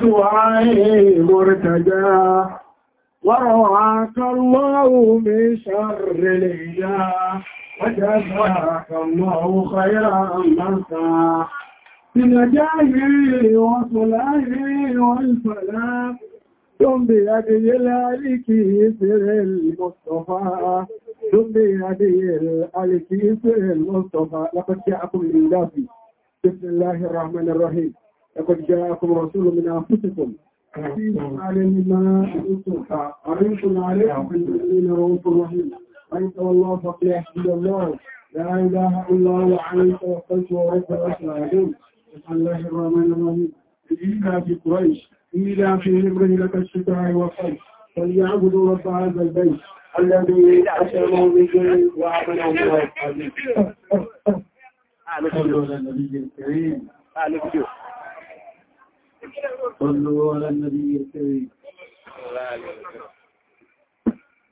سعي مرتجى ورعاك الله من شر الإيا وجزاك الله خيرا مرتا بنجاه وصلاه والفلاح دم بيدي الألك سر المصطفى دم بيدي الألك سر المصطفى لقد جاءكم من دافي بسم الله الرحمن الرحيم لقد جاءكم رسول من أنفسكم عزيز عليه ما أنتم حريص عليكم بالمؤمنين رؤوكم رحيم أنت والله فقل أحمد الله لا إله إلا الله عليه توكلت ورحمة العالمين بسم الله الرحمن الرحيم إلا في قريش إلا في امره لك الشتاء والخير فليعبدوا رب هذا البيت الذي أسلموا بجل وعملوا بغير الحمد لله النبي الكريم أهلا بك صلوا على النبي الكريم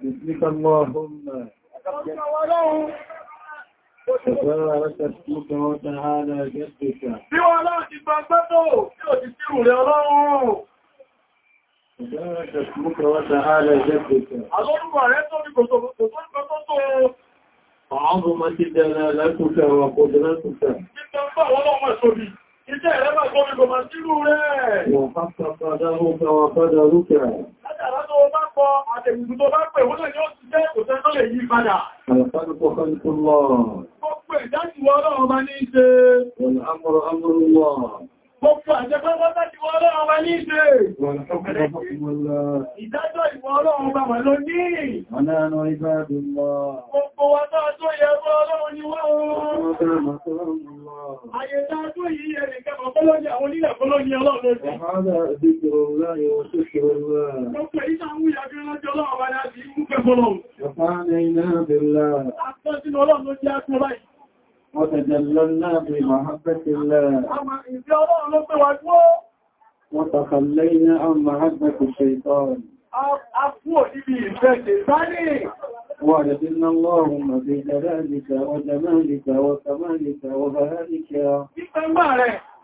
بسمك اللهم وبارك اسمك وتعالى جدك وبارك اسمك وتعالى جدك وعظمت دلالتك وقدرتك Iṣẹ́ rẹ̀ máa gbọ́ mi kò máa sírú rẹ̀. Wọ̀n pàtàkì padà ó gbà wà padà rúkẹ̀. Látàrá tó bá kọ àtẹ̀gbùn tó bá pẹ̀ wọ́n lè yóò ti jẹ́ kò tẹ́ tó lè yí padà. Àlàfáàdù Gbogbo àjẹ́gbẹ́ bọ́ta ti wọ́n lọ́wọ́ wá ní ìṣe. Ìdájọ́ ìwọ̀ ọlọ́run bàbà ló ní. Ọ̀nà ẹ̀nà ìbádùn lọ. Gbogbo wa náà tó yẹ ẹgbọ́ ọlọ́run ni wọ́n. Àyẹ̀dá tó yìí ẹnìkẹ́ ọ̀pọ̀lọ́jẹ́ àwọn onílẹ̀ ọ̀pọ̀lọ́jẹ́ ọlọ́run lọ́jẹ́. Ọ̀pá وتجللنا بمحبة الله وتخلينا عن محبة الشيطان وردنا اللهم بجلالك وجمالك وكمالك وبهائك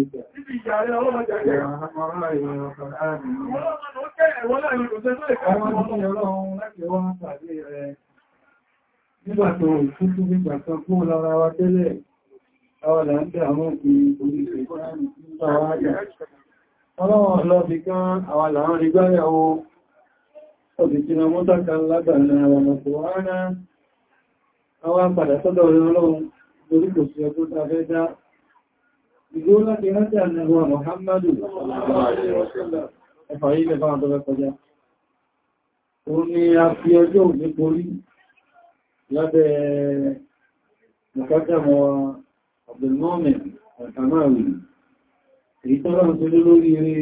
Nígbàtí òun ìfúnkú nígbà kan kó lára wa tẹ́lẹ̀, àwọn làndẹ̀ àwọn òkùnrin orílẹ̀ ìgbàmì ń bá wá jà. Ọlọ́wọ̀n lọ bí kán àwọn làwọn rí gbáyàwó, àwọn ọmọkùnrin بقولك يرجع أنه هو محمد صلى الله عليه وسلم فعيل بعض القجاة Omi àfi ọjọ́ òní borí lábẹ́ mọ̀kọ́jàmọ́ Abdulmọ́mẹ̀ Àkàmáàwì. Èyí tó rọrùn tó lé lórí rí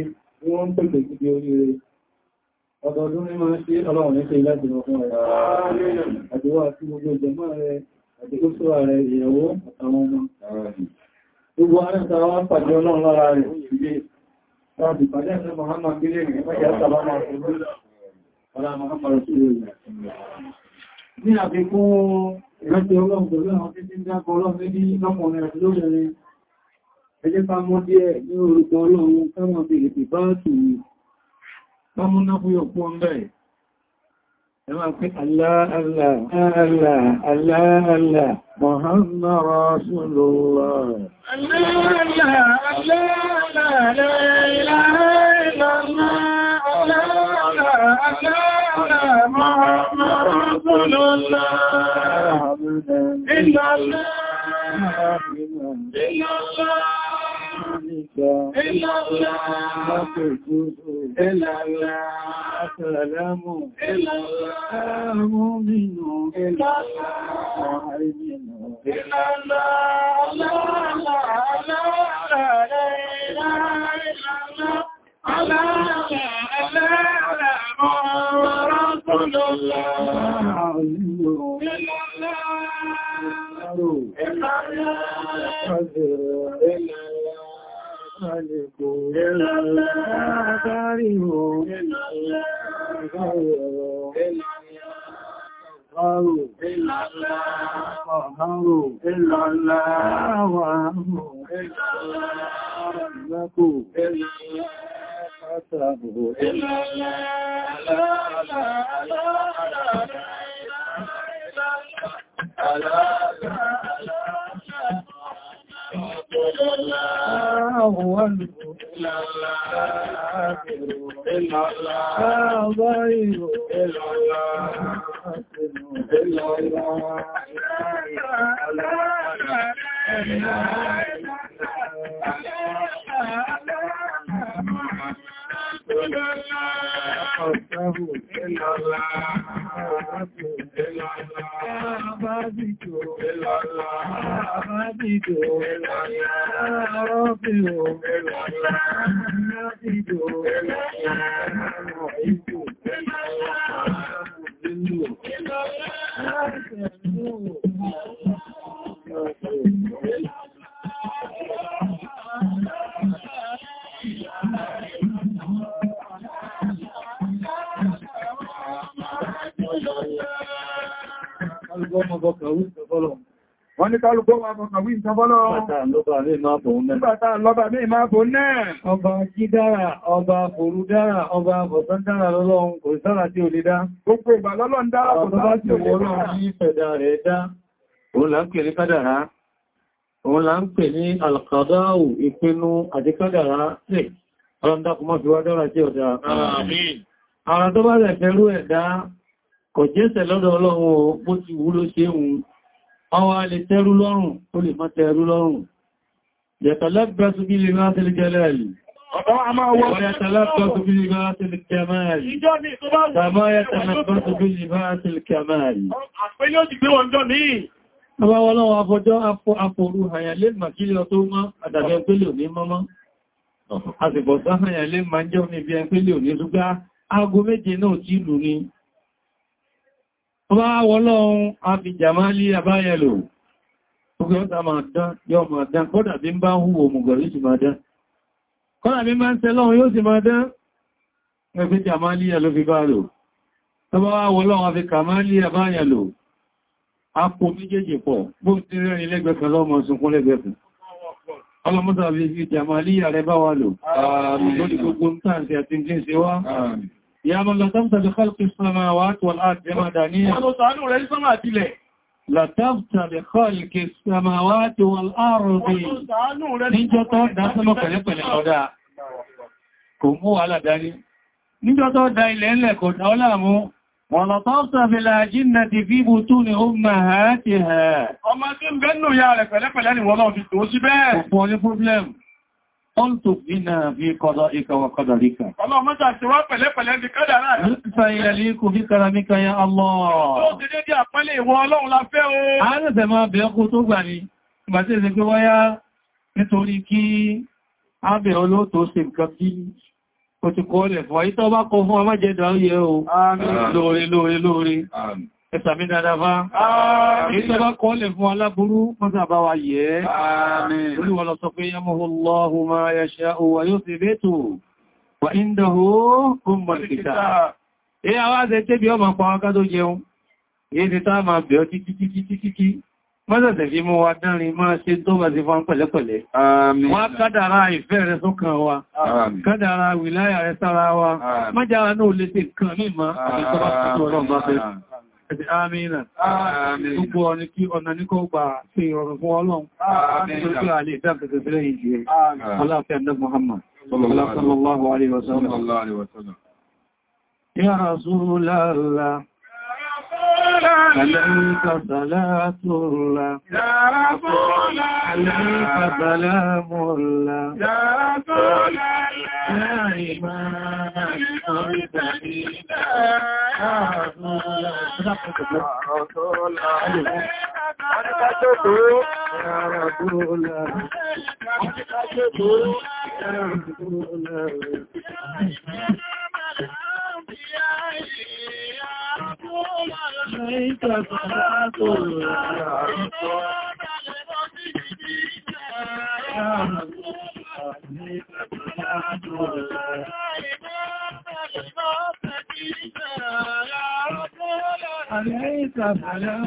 wọ́n ń pẹ̀lẹ̀ sí orí rí. Ọdọọdún ní máa ṣe ọlọ́run ní ṣe láti lọ fún ọ̀rọ̀ àti wá sí gbogbo jẹmọ́ rẹ̀ àti kó gbogbo ààrẹ tàbí wọ́n pàdé ọlọ́run lára rẹ̀ ìgbé láti pàdé ẹ̀sẹ̀ Muhammad gílé rẹ̀ mẹ́jẹ́ àtàbámà ọ̀rọ̀ Muhammad sílé rẹ̀ ní àfikún ìrántí ọlọ́run pẹ̀lú àwọn tí ń dákọ̀ ọlọ́run ní lọ́kùnrin àti lóbìnrin ẹjẹ́ ká mọ́ díẹ̀ ní orúkọ ọlọ́run káwọn fi ètè bá tù ní Ẹmọ́ pé Allah, Allah, Allah, Allah, Allah, Muhammad Rasulullah. Allah, Allah, Allah, Allah, Allah, Allah, Allah, Allah, Muhammad Rasulullah. Illallah, illallah. إلا الله لا تجوز إلا الله سلام إلا الله مؤمن إلا الله مؤمن إلا الله لا لا لا لا إلا الله على على على رسول الله إلا الله إلا الله àlèkò látàrí o Àrò, àrò, ìlàlá, àwàrò, àrànlákò, àtàbò, ìlàlá, àlàlá, àlàlá, àlàlá, هو إلا الله إلا الله غير إلا الله إلا الله إلا الله عابد عابد عابد عابد محب مذل kálùkọ́ wà mọ̀ àwọn ìtàbọ́lọ́. Nígbàtà lọ́bà mí máa bò náà. Ọba jí dára, ọba fòrú dára, ọba bọ̀sán dára lọ́lọ́run kò sára tí ò lè dá. Gbogbo ìgbà lọ́lọ́run dára kò sára tí ò lè dá. Ọba tí fẹ̀dà rẹ̀ dá. Òun là ń pè ní kádàrá. Òun là ń pè ní alkàdáwù tó bá rẹ̀ fẹ́rú ẹ̀dá kò jẹ́sẹ̀ lọ́dọ̀ Ọlọ́run bó ti wúlò ṣe òun àwọn a lè tẹ́rú lọ́rùn ó lè má tẹ́rú lọ́rùn yàtàlágbàsù bí lè máa tẹ́lẹ̀ jẹ́lẹ̀lì ويتلبس بلباس الكمال كما يتلبس بلباس الكمال Ọba ọlọ́wọ́ afọjọ́ afọrú àyàlé màkílẹ̀ tó má àdàbẹ̀ pẹ́lẹ̀ òní mọ́mọ́. A sì bọ̀ sáhàyàlé máa jẹ́ òní bí ẹ pẹ́lẹ̀ òní ṣùgbá aago méje náà tí lù ní ọba wọlọ́run àfi jàmálí àbáyẹlò ogun ọ̀tà máa dán yọ máa dán kọ́dà bí ń bá ń hùwò mùgọ̀ yóò sì máa dán kọ́dà bí ń bá ń tẹ́lọ́run yóò sì máa dán ẹgbẹ́ jàmálí àló fi bá lò ọba wọlọ́run àfi kàmálí àbáyẹlò apò méjèèjì pọ̀ bó ti rẹ́rin lẹ́gbẹ̀ẹ́kan lọ́mọ sunkún lẹ́gbẹ̀ẹ́kan ọlọ́mọ́sàbí bá wà lò lórí gbogbo ń tàǹtì àti ń tí ń ṣe wá يا من لزمت بخلق السماوات والأرض جمدانية لتفت بخلق السماوات والأرض níjọ́ tó dásánmọ̀ pẹ̀lẹ́pẹ̀lẹ́ ọ̀dá kò mú aládání níjọ́ tó dá ilẹ̀ ńlẹ̀ kò dá ọlámú ولطفت بالأجنة في بطون أمهاتها ọmọ tí ń bẹ́nù ya rẹ̀ pẹ̀lẹ́pẹ̀lẹ́ ni wọ́n náà fi tó sí bẹ́ẹ̀ انطق بنا في قضائك وقدرك اللهم اجعل سواء pẹ̀lẹ́ pẹ̀lẹ́ bí kádàrá rẹ̀ فيليق بكرمك يا الله ó ti dédé àpẹẹlẹ ìwọ Ọlọ́run la fẹ́ o a rẹ̀ fẹ́ máa bẹ̀ẹ́ kó tó gbà ní ìgbà tí èsì pé wáyá nítorí kí a bẹ̀ olóòtó ṣe nǹkan bí ó ti kọ́ lẹ̀ fún àyítọ́ bá kọ fún ọmọ jẹ́ dáríyẹ o lóore lóore lóore Ẹ̀sàmí dáadáa ìjọba kọ́ lè fún aláburú mọ́sá bá wa yẹ ẹ́. Olúwa lọ sọ pé yamhu Allahu ma yasha'u wa yuthbitu wa indahu ummul kitab. Ẹ àwọn àṣẹ tẹ́bí ọmọ pa ọká tó jẹun, èyí ti tá máa bẹ̀ọ́ kíkíkíkíkí. Mọ́sẹ̀sẹ̀ fi mú wa dánrin máa ṣe tó bá ti fún pẹ̀lẹ́pẹ̀lẹ́. Wọ́n kádàrá ìfẹ́ Àmìnà. Gbogbo ọ̀nà kí ọ̀nà ní kó gbà sí ìrọ̀rùn fún Ọlọ́run. Àmìnà. Gbogbo àlè ìdáàbẹ̀tẹ̀ sílẹ̀ ìjì rẹ̀. Ọláfẹ́ Adé Muhammad. Sallallahu alaihi wasallam. Ya Rasulallah. عليك صلاة الله يا رسول عليك سلام الله يا رسول يا إمام المرسلين يا رسول الله يا رسول الله أتيت فلا تعرف عليك فلا تعرف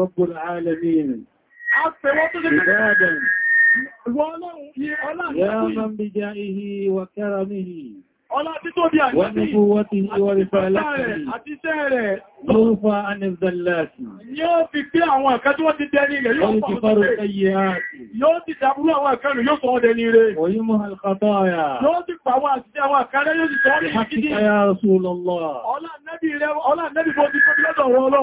رب العالمين عبادا يا من بجائه وكرمه ونبوته ورسالته ترفع عن الذلات ni ó fi pé àwọn ẹ̀kẹ́ tí wọ́n ti dẹni rẹ̀ yóò ti dàbúrú àwọn ẹ̀kẹ́ rẹ̀ yóò sọ wọ́n dẹni rẹ̀ yóò ti pa àwọn àti àwọn àkàrẹ́ yóò ti sọ wọ́n rẹ̀ kìí ọlá nẹ́bí rẹ̀ ọlá nẹ́bí bó ti tó bí lọ́dọ̀ ọ̀rọ̀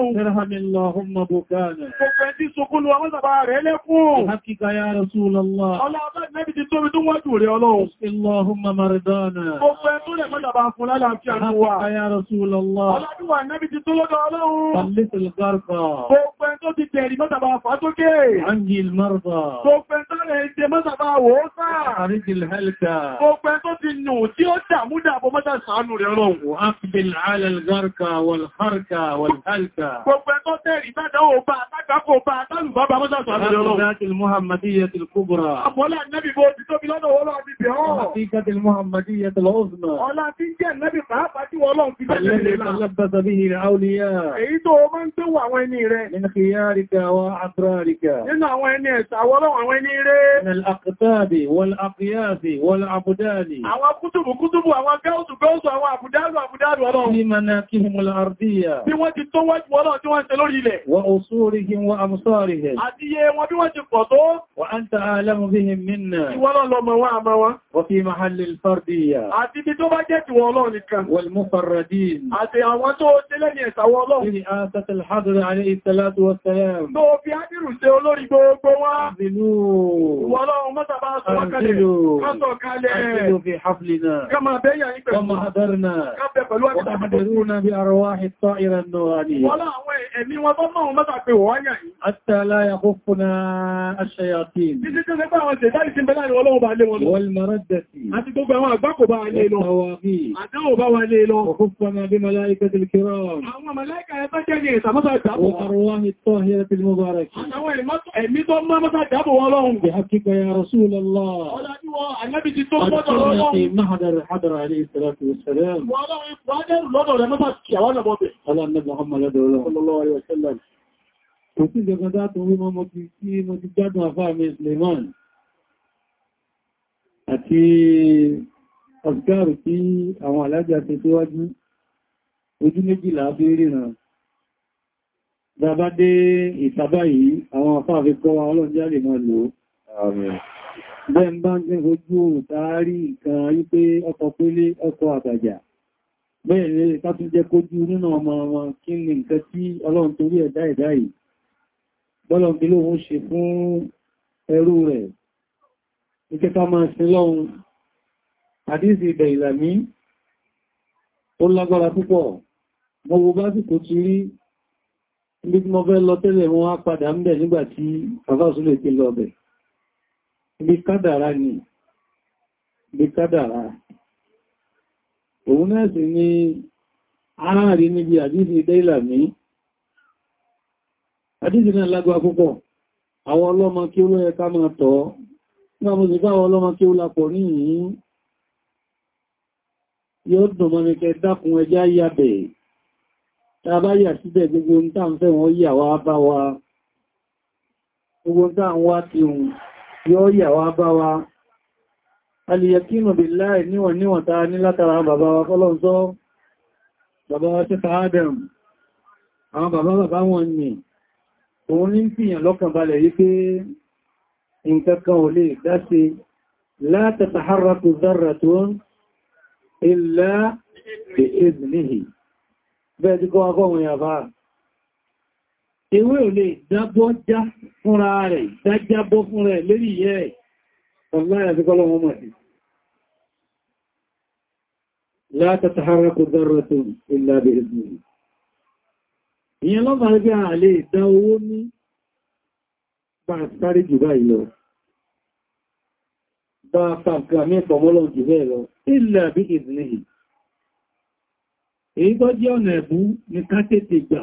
ọlọ́run Ọlá tí wà nẹ́bí ti tó lọ́dọ̀ ọlọ́run. Pàlítìl gárfà. Gbogbo ẹn tó ti tẹ̀rì mọ́sàbà fàtókè. Angel Marva. Gbogbo ẹn tó rẹ̀ ìdẹ mọ́sàbà wòósà. Àríjìl Helga. Gbogbo ẹn ti nù tí ó dàmú dàbọ̀ mọ́ta sàánù rẹ̀ rọ̀ wọ́n á fi lè alẹ́lẹ́gárkà wọ̀lhárkà wọ̀lhálkà gbogbo ẹ̀kọ́ tẹ́rì bádá ó bá àtàkàkò bá àtàlù bá bá mọ́ta sàánù rẹ̀ rọ̀ wọ́n á fi lè muhammadiyatil kubra àpọ́lá nẹ́bì bó ti tóbi lọ́nà wọ́lọ́ àti bẹ̀rọ̀ ọ̀lá tí jẹ́ muhammadiyatil uzma ọlá tí jẹ́ nẹ́bì àwọn kútùbù kútùbù àwọn gáúsù gáúsù àwọn àbúdálù àbúdálù ọlọ́run ní mana kí hùn mọ́lá àrdíyà bí wọ́n ti tó wájú ọlọ́run tí wọ́n ṣe lórí ilẹ̀ wọ́n òṣúrí hìn wọ́n àmúsọ́rí hẹ̀ àti iye wọn bí wọ́n ti pọ̀ tó wọ́n án ta alamu bí hìn minna ìwọ́lọ́ lọmọ wá àmá wá wọ́n fi في حفلنا كما كما حضرنا وتحضرونا بأرواح الطائرة النورانية حتى لا يخفنا الشياطين والمردة والتواغيت وخفنا بملائكة الكرام وأرواح الطاهرة المباركة بحقك يا رسول الله láti Mahadar Hadar Alayhi Salatu Wasalam. Wọ́n lọ́wọ́ ìpàdé lọ́dọ̀ rẹ̀ mọ́ta kí àwọn ọmọ bẹ̀. Ọlọ́run Muhammad Sallallahu Alaihi Wasallam. Kò sí ìjọba dátún wí mọ́ mọ́kí tí mo ti gbádùn àfáà mi Suleiman àti ọ̀gáàrù tí àwọn alájà ti síwájú ojú méjìlá bí ríran. Dábá ìtàbá yìí, àwọn àfáà fi kọ́ máa lò ó bẹ́ẹ̀ bá ń jẹ́ ojú tààrí nǹkan wípé ọkọ̀ pélé ọkọ̀ àbàjá bẹ́ẹ̀ lè tàbí jẹ́ kójú nínú ọmọ wọn kí ni nǹkan tí ọlọ́run torí ẹ̀dá ẹ̀dá yìí bọ́lọ̀ bí lóhun ṣe fún ẹrú rẹ̀ ìkẹ́ ká máa sin lọ́hun àdíṣì ìbẹ̀ ìlàmí ó lágbára púpọ̀ mo wo bá sì kò ti rí ibi tí mo fẹ́ lọ tẹ́lẹ̀ wọn á padà ń bẹ̀ nígbàtí bàbá òsúlẹ̀ lọ bẹ̀ bí kádàrá ni bí kádàrá òun náà sì ni ààrí níbi àdíjì dẹ́ìlà ní àdíjì náà lágbà púpọ̀ àwọn ọlọ́mọ kí ó lóyẹ ká máa tọ́ náà mo sì báwọn ọlọ́mọ kí ó lápọ̀ ní yìí yóò dùn mọ́ ní kẹ dákun ẹjá yàbẹ̀ tàbá yà síbẹ̀ gbogbo ń tàà fẹ́ wọn yà wá bá wa gbogbo ń tàà wá ti hùn yóò yà wá bá wa alìyàkínù bí láì níwọ̀n níwọ̀n ta ní látara bàbá wa kọ́lọ́nsọ́ bàbá wa ṣífà adam àwọn bàbá bàbá wọn ni òun ní fìyàn lọ́kàn balẹ̀ yí pé nǹkankan ò lè dáṣe la ewé ò lè dábọ́já fúnra rẹ̀ dájábọ́ fúnra rẹ̀ lérí ìyẹ́ ẹ̀ ọ̀láyà sí kọ́lọ̀ wọn mọ̀sí la tataharraku dharratun illa bi idnihi ìyẹn lọ́bà rí a lè dá èyí tó jẹ́ ọ̀nà ẹ̀bú ní ká tètè gbà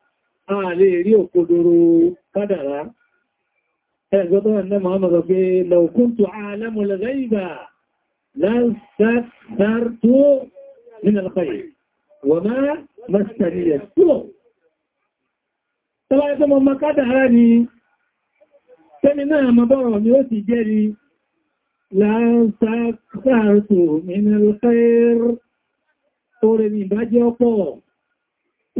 a lè rí òkodoro kádàrá ẹgbẹ́gbẹ́ ẹ̀nẹ́ Muhammadu pé lọ́kúntù alamul ghaiba lásàtàrtó nínú alkhairi wà máa mẹ́sàríyà tó tọ́wọ́ ẹgbẹ́ mọ́ makádàrá ni tẹ́mi náà mọ́ bọ́rọ̀ ni ó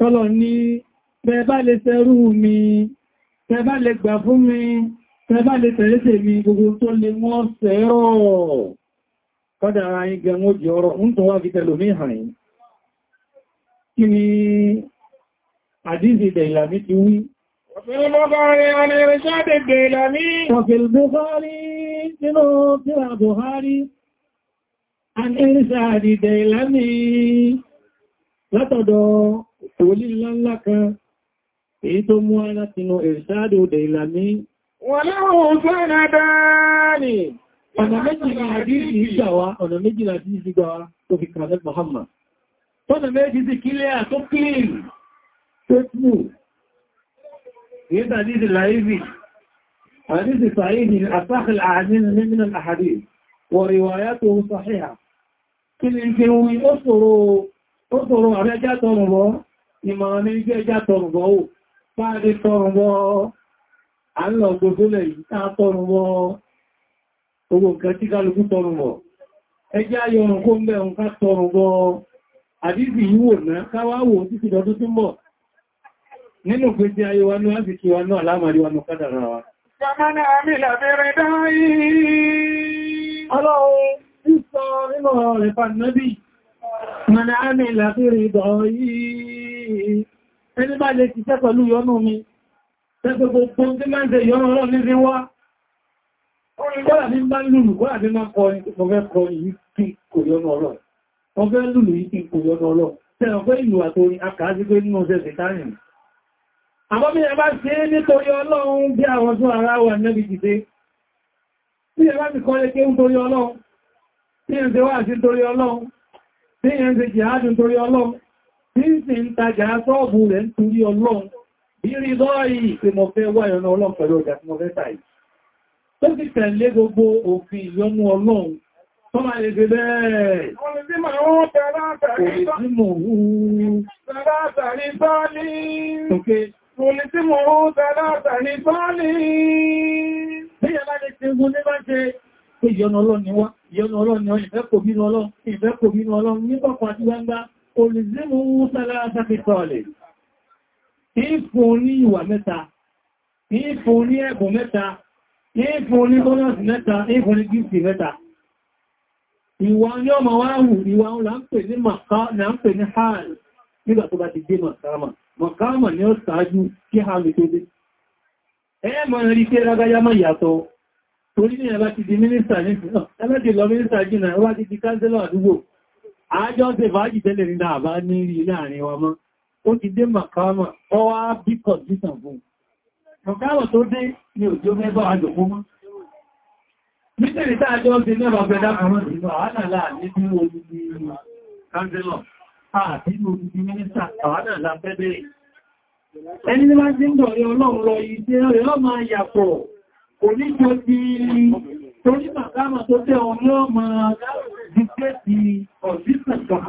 tọ́lọ ní bẹ́ẹ̀bá lè fẹ́rú mi bẹ́ẹ̀bá lè gbà fún mi bẹ́ẹ̀bá lè tẹ̀lẹ́tẹ̀ mi gbogbo tó lè wọ́n sẹ́rọ̀ kọ́dà ara yìí gan ó jẹ́ ọ̀rọ̀ ń tó wá fi tẹ̀lò mí hàn látọ̀dọ̀ wòlí ńláńlá kan èyí tó mú ara tinú ìrìsáàdì òdè ìlàmí wọ́n láwọn fẹ́rẹ̀ dáàni ọ̀nà méjìlá àdíjì ìgbà wá ọ̀nà méjìlá àdíjì ìgbà wá tó fi kàrẹ́ Muhammad tọ́nà méjì ti kílẹ̀ àtó clean tó mú ìyẹ́ta àdíjì láìvì àdíjì sàíhì àtàkì àdíjì nínú àhàdí wọ ìwàyàtò sàíhà kí ni ṣe orí ó sọ̀rọ̀ àrẹ́já tọrọ̀ ìmọ̀ràn ní iṣẹ́ ìjá tọrùnbọ̀ ó fáàdé tọrùnbọ̀ àlọ́gbogbolẹ̀ ìta tọrùnbọ̀ owó nǹkan tí kálukú tọrùnbọ̀ ẹjẹ́ ayọrùn kó ń bẹ̀rùn ká nínú gbẹ́jẹ́ náà sì kí náà lámàrí wa náà kádàrà yìí ẹni bá lè ti tẹ́ pẹ̀lú yọnú mi tẹ́gbẹ́ gbogbo tí máa ń tẹ yọnú ọlọ́run ní fi wá kọ́lá ní bá lùlù kọ́lá ní máa kọ́ ní ọgbẹ́ kọ́ yìí kí kò yọnú ọlọ́run ọgbẹ́ lùlù yìí kí kò yọnú ọlọ́run tẹ́ràn pé ìlú àtorí akàájí pé nínú ọjọ́ ìsẹ̀tánìyàn àmọ́ bí ẹ bá ṣe nítorí ọlọ́run bí àwọn tó ara wà nẹ́bí ti dé tí ẹ bá ti kọ́ lẹ́kẹ́ ń torí ọlọ́run ṣe wà sí torí ọlọ́run tí ẹ ń ṣe jihad torí ọlọ́run tí sì ń tajà sọ́ọ̀bù rẹ̀ ń torí ọlọ́run bí rí lọ́ọ̀yí pé mo fẹ́ wá ìrànà ọlọ́run pẹ̀lú ọjà tí mo fẹ́ tàì tó ti tẹ̀lé gbogbo òfin ìyọnú ọlọ́run tó máa lè gbé bẹ́ẹ̀ Àwọn ìdí máa wọ́n tẹ́lá tàrí bọ́ọ̀lì. Òkè. Òlì tí mo wọ́n tẹ́lá tàrí bọ́ọ̀lì. Bí ẹ bá lè ṣe gún ní bá ṣe pé ìyọnà ọlọ́run ni wá, ìyọnà ọlọ́run ni wá, ìfẹ́ kò bínú ọlọ́run, ìfẹ́ kò bínú ọlọ́run ní pọ̀pọ̀ àti gbangba olùzẹ́mù sálásàfi sọ́ọ̀lẹ̀ ìfún ní ìwà mẹ́ta ìfún ní ẹ̀bùn mẹ́ta ìfún ní bọ́nọ̀sì mẹ́ta ìfún ní gífì mẹ́ta ìwà ní ọmọ wá wù ìwà ọ̀lá ń pè ní màkà ní ń pè ní hàl nígbà tó bá ti dé màkàmà màkàmà ni ó sáájú kí hàmì tó dé ẹ mọ̀ rí àjọ́ ṣe fàájì tẹ́lẹ̀ nínú àbá ní rí láàrin wa mọ́ ó ti dé makama ọ wá bí kọ̀dísàn fún ọ̀káwọ̀ tó dé ní òjò mẹ́bọ̀ àjòkó mọ́ nítorí tá àjọ́ ṣe mẹ́bà pẹ̀dá kan mọ́ sínú àwádà láàrin ní olùdí kánsílọ̀ àti olùdí mínísà àwádà lábẹ́bẹ̀rẹ̀ ẹni ní máa ń dínbọ̀ rẹ̀ ọlọ́run kò ní tó ti torí màkámà tó tẹ́ ọmọ ọmọ dígbé ti ọ̀sí pẹ̀tọ̀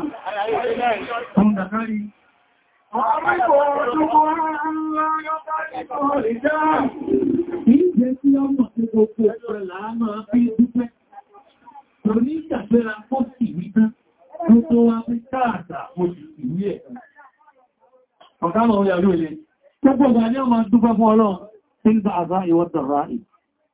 Ìjẹ́ tí ọmọ tí gbogbo ọ̀pẹ̀lá máa fi dúpẹ́. Torí ìjàgbéra kó sì wíta, tó tó wá fi káàtà mo sì sì wí ẹ̀. Ọ̀ká mọ̀ ó yà lóòlẹ̀. Gbogbo ọ̀gbà ní ọmọ dúpẹ́ fún ọlọ́run, tí ń bá àbá ìwọ́tọ̀rá ì.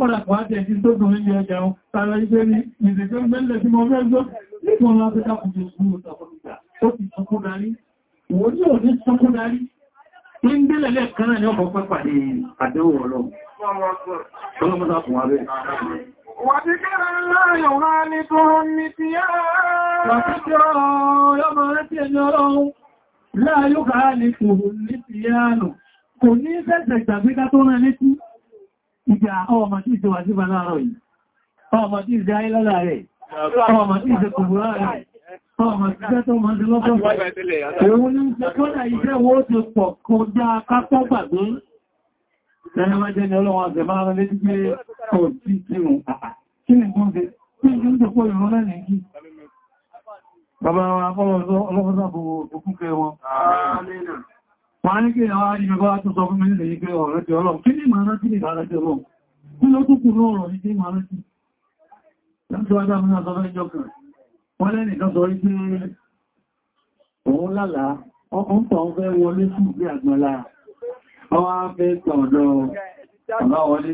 kọ́nà pàájẹ́ ìdí tó dùn ní ọjà ohun tààrà iṣẹ́ ní ìdíkẹ́ mẹ́lẹ̀ tí mo mẹ́ gbọ́ nípọn láti dákùnjẹ́ ìgbìmọ̀ ìtàkùnjà ó ti sọkúndarí wọ́n ní ò ní sọkúndarí ní ń délẹ̀lẹ̀ kan náà ní ọkọ̀ pẹ́pàdé àdéhùn ọlọ́run ọlọ́mọdá kùn wá bẹ́ẹ̀ وذكر الله يغالط النسيان وذكر يوم تجره لا يغالطه النسيان كن يسجد بك تنالتي ìjà ọmọ tí ìjọ wà sí bá láàárọ̀ yìí ọmọ tí ìjọ ayé lọ́la ọmọ tí ìjọ kòbúrá rẹ̀ ọmọ tí ìjọ tó máa rẹ̀ létí wọ́n ní kí àwọn ìrìnbá tó sọ fún mi nílẹ̀ ìgbé ọ̀rẹ́ tí ọlọ́run kí ní máa rántí lè rárá tí ọlọ́run kí ló tó kù lọ́rọ̀ ní kí máa rántí láti wájá mú náà sọfẹ́ ìjọ kan wọ́n lẹ́nì kan sọ wípé òun lálá ọkùn tó ń fẹ́ wọlé sí ìgbé àgbọ́lá ọwá fẹ́ tọ̀dọ̀ bàbá wọlé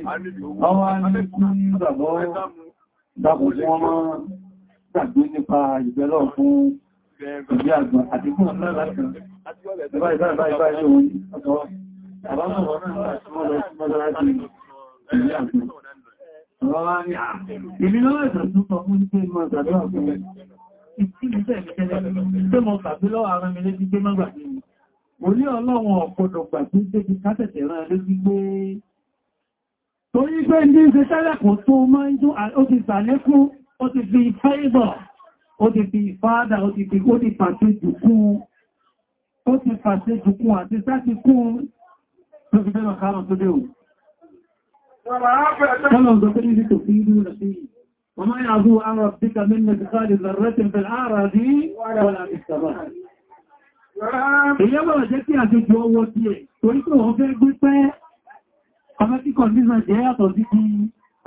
ọwá ní kí Ìbí lọ́wọ́ ìtàtún sọ fún ní pé mọ́ ìtàdúrà fún mi. Ìtìlú tẹ̀ tẹ́lẹ̀ tí mo pàbí lọ́wọ́ ara mi léjú gbé mọ́gbà ní. Mo ní ọlọ́run ọ̀pọ̀dọ̀ gbà tí ti kásẹ̀tẹ̀ rán léjú gbé. Torí pé ní ṣe tẹ́lẹ̀ kò tó máa ń tún ó ti sàlékún, ó ti fi fẹ́ ìbọ̀, ó ti fi fádà, ó ti fi ó ti pàtó jù ó ti pàṣẹ jùkún àti sáti kún tó fi bẹ́rọ kárọ tó dé òun. Kọ́lọ̀ ọ̀dọ́ tó وما يعزو عن ربك من مثقال ذرة في الأعراض ولا في السماء Ìyẹ́wọ̀ jẹ́ kí àjọjọ ọwọ́ tí ẹ̀ torí pé wọ́n fẹ́ gbé pẹ́ ọmọ kíkọ̀ nígbà jẹ́ yàtọ̀ sí kí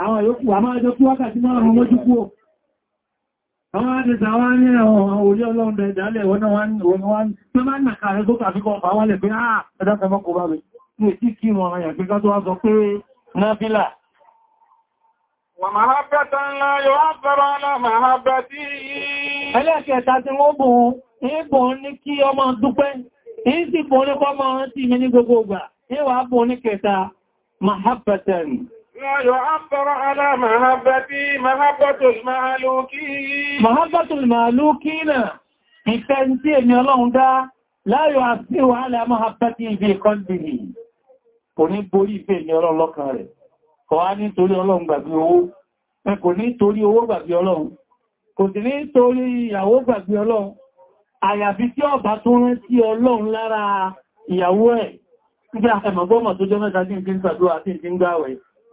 àwọn àyókù àmájọ́ kí wákàtí máa rán mọ́jú kú ọ̀. Àwọn àjẹta wá ní àwọn orí ọlọ́run bẹ̀rẹ̀ dálẹ̀ wọ́n náà wọ́n tó máa ń nà kààrẹ tó kàfíkọ́ ọ̀pá wọ́n lè pé àà ẹ̀dọ́kọ̀ọ́kọ̀ kò bá mi. Ní ètí kí wọn àyà pé ká tó wá sọ pé náà bílà. Wọ́n máa hábẹ́ta ńlá yóò hábẹ́rọ náà máa hábẹ́tí. Ẹlẹ́kẹ̀ẹ́ta tí wọ́n bùn ń bùn ní kí ọmọ dúpẹ́, ń sì bùn ní kọ́ mọ́ ti mi ní gbogbo ìgbà, ń wà bùn ní kẹta, máa hábẹ́tẹ̀ لا يعبر على محبتي محبة المعلوكين محبة المعلوكين ìfẹ́ntí èmì ọlọ́run dá láyọ̀ àti wà alẹ́ àmọ́hàbẹ́tì ibi ìkọ́ndìrì kò ní borí ìfẹ́ èmì ọlọ́run lọ́kàn rẹ̀ kò wá nítorí ọlọ́run gbàgbé owó ẹ kò nítorí owó gbàgbé ọlọ́run kò sí nítorí ìyàwó gbàgbé ọlọ́run àyàfi tí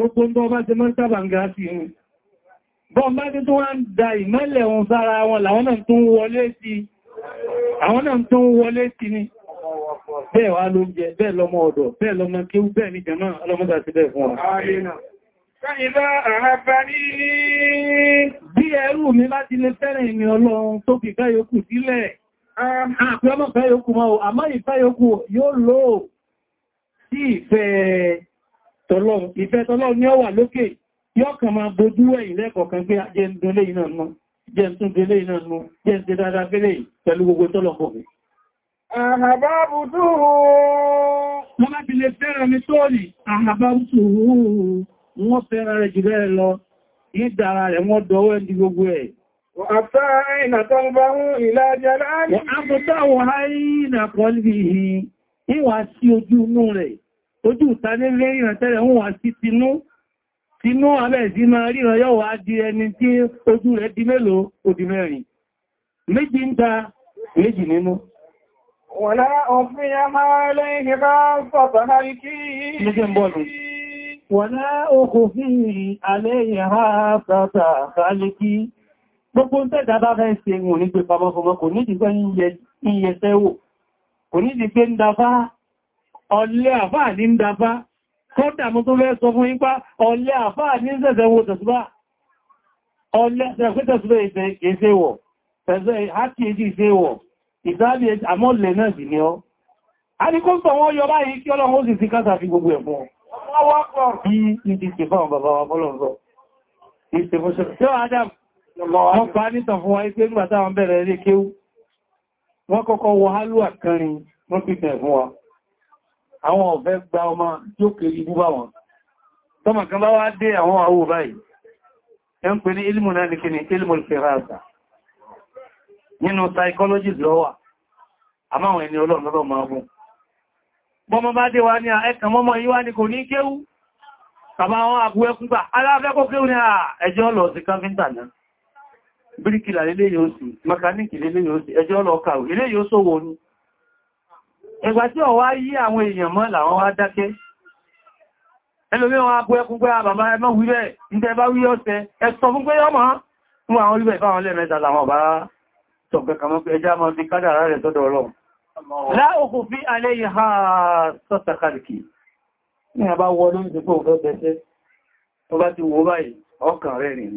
gbogbo ń bọ́ bá ti mọ́ta bàǹgá sí wọn bọ́n bá ti tó wá ń da ìmọ́lẹ̀ ohun sára wọn làwọn náà tó ń wọlé sí àwọn náà tó ń wọlé sí ni bẹ́ẹ̀ wá ló jẹ bẹ́ẹ̀ lọmọ ọ̀dọ̀ bẹ́ẹ̀ lọmọ kéwú bẹ́ẹ̀ ní jẹmọ́ ọlọ́mọdá sí bẹ́ẹ̀ fún àmọ́ ìfẹ́ yókù yóò lò sí ìfẹ́ tọ́lọ́run ìfẹ́ tọ́lọ́run ní ọwà lókè yọ́ kàn máa bojú ẹ̀yìn lẹ́kọ̀ọ̀kan pé ah, jẹ́ ń dúnlé iná nù jẹ́ ń tún dúnlé iná nù jẹ́ ń tẹ́ dáadáa fẹ́lẹ̀ pẹ̀lú gbogbo tọ́lọ̀kọ̀ mi. Àhàbábùtù wọ́n láti lè fẹ́ràn mi tóòlì, àhàbábùtù wọ́n fẹ́ràn rẹ̀ jù bẹ́ẹ̀ ìwà sí ojú inú rẹ̀ ojú ìtàdé lẹ́yìn tẹ́lẹ̀ ń wà sí tinú tinú abẹ́ sí máa ríran yóò wá di ẹni tí ojú rẹ̀ di mélòó òdì mẹ́rin méjì ń ta méjì nínú wọ̀lá òfin a gbogbo ń tẹ́ta bá fẹ́ ṣe wọn ní pé pamọ́fọmọ́ kò ní ìdí pé kò ní ìdí ń dafá ọlẹ́ àfáà ní ń dábá kọ́dà mú tó fẹ́ sọ fún ipá ọlẹ́ àfáà ní ṣẹ̀ṣẹ̀ wo tẹ̀sùbá ọlẹ́ ṣẹ̀fẹ́ tẹ̀sùbá ìṣẹ́wọ̀ pẹ̀sẹ̀ àti èjì ìṣẹ́wọ̀ ìsáàbí àmọ́lẹ̀ náà sì ní ọ́ a ní kó sọ wọ́n yọ báyìí kí ọlọ́run ó sì sí kásà fi gbogbo ẹ̀fún bí i ti ṣe fáwọn bàbá wa fọ́lọ́run wọ́n pa nítàn fún wọ́n pípẹ̀ fún wa àwọn ọ̀fẹ́ gba ọmọ tí ó kèrè ibú bá wọn tọ́mà kan bá wá dé àwọn àwò báyìí ẹn pè ní ilmù náà nìkí ni ilmù al-firasa nínú psychology lọ́wà àmáwọn ẹni ọlọ́run máa gùn bọ́mọ bá dé wá ní ẹ̀kàn mọ́mọ́ yíwá ní kò ní kéwú tàbá àwọn àbú ẹkùn gbà aláfẹ́kọ́ kéwú ní ẹjọ́ lọ sí káfíntà náà bíríkìlà lélé yóò sí mẹkaníkì lélé yóò sí ẹjọ́ lọ kàwé lélé yóò sówó ní ìgbà tí ọ̀wá yí àwọn èèyàn mọ́ làwọn wá dákẹ́ ẹlòmí wọn abú ẹkùn pé àbàbá ẹmọ́ wíbẹ̀ ìdẹ bá wí ọ̀sẹ̀ ẹ̀sọ̀ fún pé ọmọ fún àwọn orílẹ̀ ìfáwọn lẹ́mẹ́ta làwọn bá tọ̀gbẹ̀ kàmọ́ pé ẹjá mọ́ bí kádàrá rẹ̀ tọ́dọ̀ ọlọ́run láòkù fi alẹ́ ìhà sọ́tàkàlìkì ní àbá wọlé ìdíkò ọ̀fẹ́ bẹ̀ẹ́sẹ́ tó bá ti wọ báyìí ọkàn rẹ̀ rìn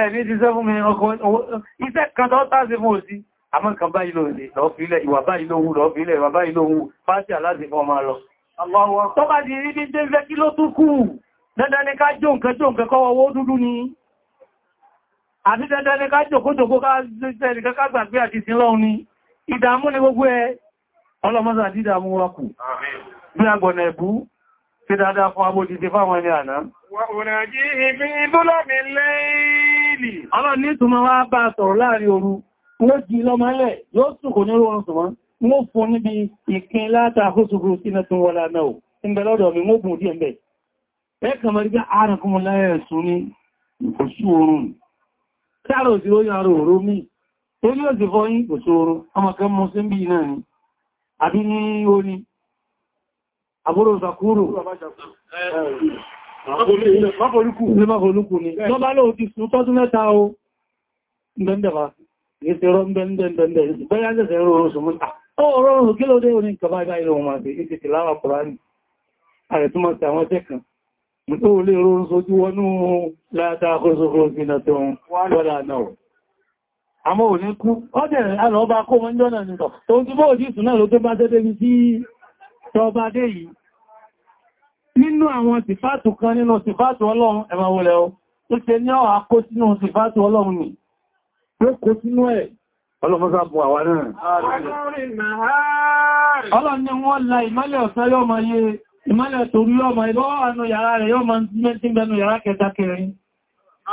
ẹ̀rí ti sẹ́ fún mi ọkọ̀ iṣẹ́ kan tó tàbí fún òsí àmọ́ǹkan báyìí lọ fílẹ̀ ìwà báyìí lóhun lọ fílẹ̀ ìwà báyìí lóhun fásí aláti fọ́ máa lọ. tó bá di rí bí dé kí ló tún kú dandan ni ká jó nǹkan jó nǹkan kọwọ́ owó dúdú ni àti dandan ni ká jòkójòkó ká gbàgbé àti sin lọ́run ni ìdààmú ni gbogbo ẹ ọlọ́mọ́sà dídàmú wa kù bí agbọ̀nà ẹ̀bú ti dáadáa fún abójí ti fáwọn ẹni àná wọ̀n àjí ìfín ìdúlọ́mì wọ́n lọ́mọ́lẹ̀ yóò sùkò ní oòrùn sùnmọ́ wọ́n fún níbi ìpín látà àkóṣùgbò sínú tún wọ́n lámẹ́ ò ìgbẹ̀lọ́dọ̀ mi wọ́n gùn díẹ̀ mẹ́ ẹ̀kàn mọ̀ nígbà ààrùn ni Mọ́bọ̀lúkù ni, lọ́bá lóò ti sùn mẹ́ta o, gbẹ́ndẹ̀bá ìṣẹ́rọ bẹ́ndẹ̀ndẹ̀ bẹ́yà jẹ́sẹ̀ rọrùn ṣùgbọ́n ọ̀rọ̀rùn kí ló dé orí nǹkan báyìí ìlú wọn àti ìtìtì láwà kùránì ààrẹ túnmọ̀ sí àwọn tẹ́kàn tó lè rọrùn sójú wọnú látàá kó sókó sí na tó wọ́dà náà àmọ́ ò ní kú ọdẹ̀ alọ́ọba kó wọ́n jọ́nà nìkan tó ti bó òjì ìsúná ló tó bá dédé bí sí tọba dé yìí nínú àwọn sìfáàtù kan nínú sìfáàtù ọlọ́run ẹ̀mà wọlẹ̀ ó ṣe ní ọ̀ àkó sínú sìfáàtù ọlọ́run nìí yóò kó sínú ẹ̀ ọlọ́mọ́sáàbù àwa náà ọlọ́ni wọ́n la ìmọ́lẹ̀ ọ̀sán yóò máa yé máa yóò ànú yàrá rẹ̀ yóò máa tí mẹ́tí gbẹnu yàrá kẹta kẹrin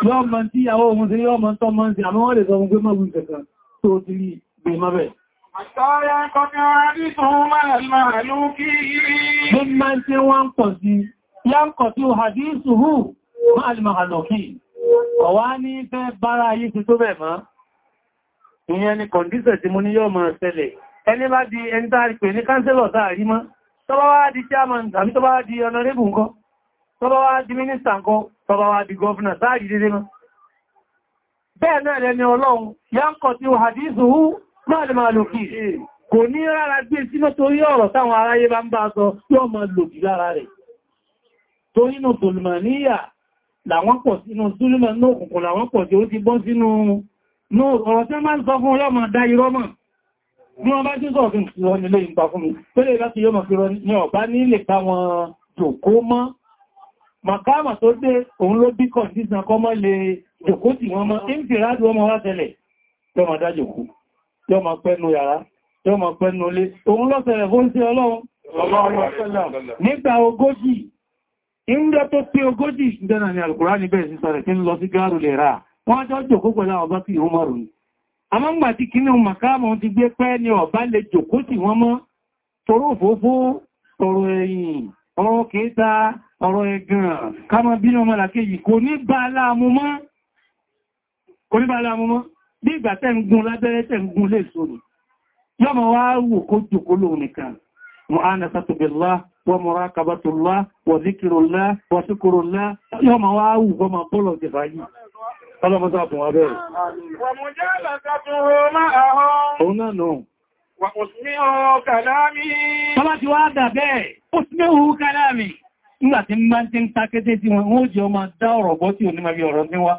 yóò máa tí ìyàwó ohun sí máa tọ́ máa sí àmọ́ Ọ̀wá ní fẹ́ bára ayé ti tó bẹ̀ mọ́ ìyẹn ni kọ̀ndíṣẹ̀ tí mo ní yóò máa ṣẹlẹ̀ ẹni bá di ẹni tààrí pè ní káńsẹ́lọ̀ tààrí mọ́ tó bá wá di chairman tàbí tó bá wá di honorable nǹkan tó bá wá di minister nǹkan tó bá wá di governor tààrí dédé mọ́ bẹ́ẹ̀ náà lẹ́ni ọlọ́run yáǹkọ̀ tí ó hadithu hú máa lè máa lòkì kò ní rárá gbé sínú torí ọ̀rọ̀ táwọn aráyé bá ń bá sọ yóò máa lòkì lára rẹ̀ tó pọ̀ sínú súnmọ̀ náà kùnkùn làwọn pọ̀ tí ó ti bọ́ sínú no ọ̀rọ̀ tí máa ń sọ fún ọlọ́mọ dá irọ́ mọ̀ ní wọ́n bá tí sọ fún ìrọ̀ nílé ìgbà fún mi tó lè láti yọ́ mọ̀ ní ọ̀bá ní lè ká wọn jòkó mọ́ makama tó dé òun ló bí kọ̀dísàn kọ́ mọ́ lè jòkó tí wọ́n mọ́ ń fi rádù ọmọ wá tẹ́lẹ̀ yọ́ mọ̀ dá jòkó yọ́ mọ̀ pẹ́nu yàrá yọ́ mọ̀ pẹ́nu lé òun ni alùkùrá níbẹ̀ sí sọ̀rẹ̀ tí ń lọ wọ́n jọ jòkó pẹ̀lú ọba tí ìhun mọ́rùn ún àmọ́ ń gbà tí kí ní màkàmù ti gbé pẹ́ ní ọba lè jòkó sí wọ́n mọ́ toró òfófó ọ̀rọ̀ ẹ̀yìn ọ̀rọ̀ kéta ọ̀rọ̀ ẹ̀gàn kámọ́ bí ọmọ làkéyì kò ní bá aláàmú mọ́ bí ìgbà tẹ́ ń gun lábẹ́rẹ́ tẹ́ ń gun lè sórí yọ́mọ̀ wá wò kó jòkó lóhun nìkan mu'anasatu billah wa muraqabatullah wa zikrullah wa wù kọ́ ma bọ́lọ̀ jẹ̀fà Ọlọ́mọdá fún wa bẹ́ẹ̀. Wọ̀n mú jẹ́ lọ́ta tún rọ máa ọ̀hún. Òun náà nù. Wọ̀n mú sí ọ̀hún kàlámi. Tọ́lá ti wá dà bẹ́ẹ̀, ó sí ọ̀hún kàlámi. Nígbà tí máa ti ń takété tí wọn ó jẹ́ ọmọ dá ọ̀rọ̀ bọ́ tí ò ní máa bí ọ̀rọ̀ níwá.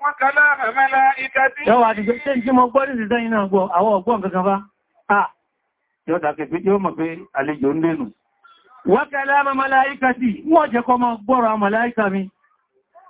Wọ́n kàlámi mẹ́lá ìkàtí. Yọ́ wà ti gbé ṣe ń jí mọ gbọ́dì sí dẹ́yìn náà gbọ́, àwọn ọgbọ́n kankan bá. Ah, yọ́ dà kẹfẹ́ yóò mọ̀ pé àlejò ń lénu.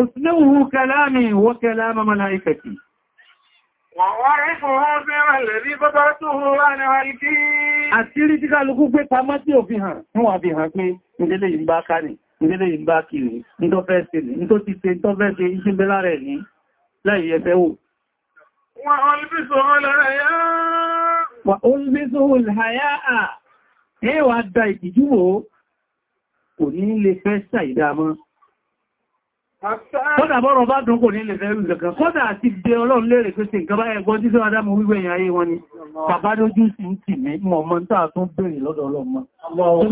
حسنوه كلامي وكلام ملائكتي وعرفه بما الذي بطرته وانا والكي àṣírí tí kálukú gbé pamọ́ tí ò fi hàn níwà fi hàn pé ìdílé ìgbà kárì ìdílé ìgbà kiri nítọ́fẹ́ sí ní tó ti ṣe tọ́fẹ́ ṣe iṣẹ́ bẹ́lá rẹ̀ ní láì ẹfẹ́ wò wọ́n olùbíṣòwò lẹ́yà Kọ́dà bọ́rọ̀ bá dùn kò ní lè fẹ́rù ìgbẹ̀kan. Kọ́dà àti dé ọlọ́run lérè pé sí nǹkan bá ẹgbọ́n tí sọ́wọ́ Adámọ̀ wíwẹ̀ ìyàyé wọn ni. Bàbá lójú sí ń tì mí, mọ̀ mọ́ tàà tún bèèrè lọ́dọ̀ ọlọ́run. Gbogbo tí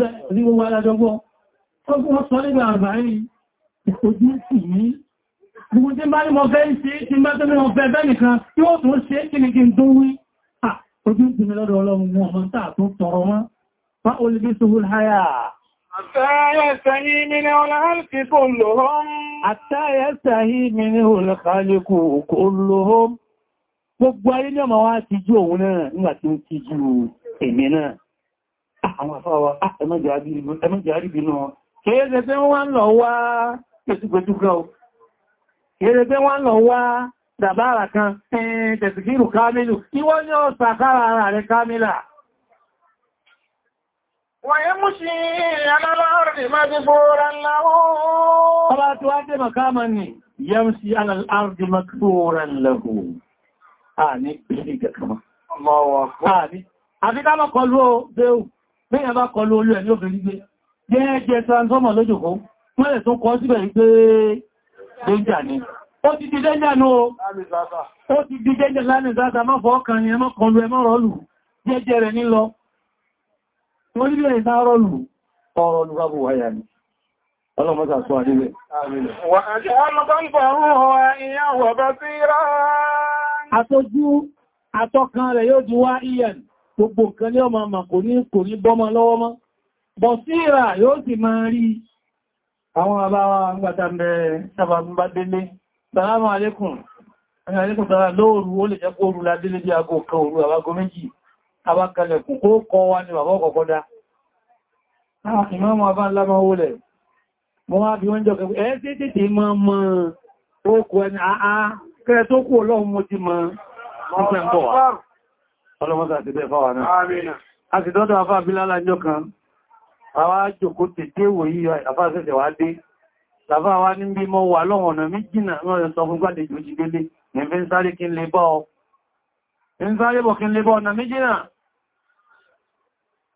bá ní mọ̀ fẹ́ ṣe tí bá tó mẹ́wọ̀n fẹ́ bẹ́ nìkan tí ó tún ṣe kí ní kí ọlọ́run mú Àtàyẹ̀sẹ̀hí mi ni ọlọ́rẹ́sì kò lòhóm. Àtàyẹ̀sẹ̀hí mi ni olùkàlẹ́kù kò lòhóm. Gbogbo ayé ní ọmọ wá ti jú òun náà nígbà tí ó ti jú èmi náà. Ah, àwọn àfáwà, ẹmọ́jẹ̀ àríbìnú. Kèé ṣe pé wọ́n lọ wá pẹ̀sùgbẹ̀tùgbẹ̀ o. Kèé ṣe wọ́n lọ wá dàbára kan, ẹ̀ẹ́ tẹ̀sìkírù kámílù. Ìwọ́n ní ọ̀sà kára ara rẹ̀ kámílà. ويمشي على الأرض مجبورا له فلا تؤدي مقاما يمشي على الأرض مكبورا له آني بشيك كما الله أكبر آني àti ká mọ́ kọlu ó déhù bí ẹ bá kọlu olú ẹ̀ ní obìnrin gbé jẹ́ẹ̀jẹ́ transformer lójòkó wọ́n lè tún kọ́ síbẹ̀ ni ó ti di dẹ́jà ní o ó ti di dẹ́jà lánìí záza mọ́ fọ́ ọkàn ni mọ́ kọlu ẹ rọ́lù jẹ́ẹ̀jẹ́ rẹ̀ nílọ orílẹ̀ ìdárọ̀lù ọ̀rọ̀ lùrábù wáyà ni ọlọ́mọ́ta sọ àdílẹ̀ àtọ́jú àtọ́kan rẹ̀ yóò di wá iyan gbogbo nǹkan ní ọmọ àmà kò ní kò ní bọ́mọ lọ́wọ́ mọ́ bọ̀ síra yóò sì máa rí àwọn àbáwà ńgbàtà mẹ́rẹ̀ sábàmbá délé sàlámù alékùn ẹ̀yà alékùn sára lóòrù ó lè jẹ́ kó òrù ládélé bí aago abákalẹ̀ kò kó kọ wá ní bàbá ọkọ̀kọ́ dá ìmọ́mọ̀ abá ńlá máa wó lẹ̀ mọ́ wá bí wọ́n jọ kẹfẹ́ ẹ́ sí títí mọ́ mọ́ ókù ẹni àá kẹ́rẹ tó kú ọlọ́run mo ti mọ́ ọ̀pẹ́ ń bọ̀ wá ọlọ́mọ́sà ti bẹ́ fáwà náà a sì dọ́dọ̀ afá abílálà ń jọ kan àwá jòkó tètè ń sáré kí ń lè bọ́ ọ̀nà méjìnà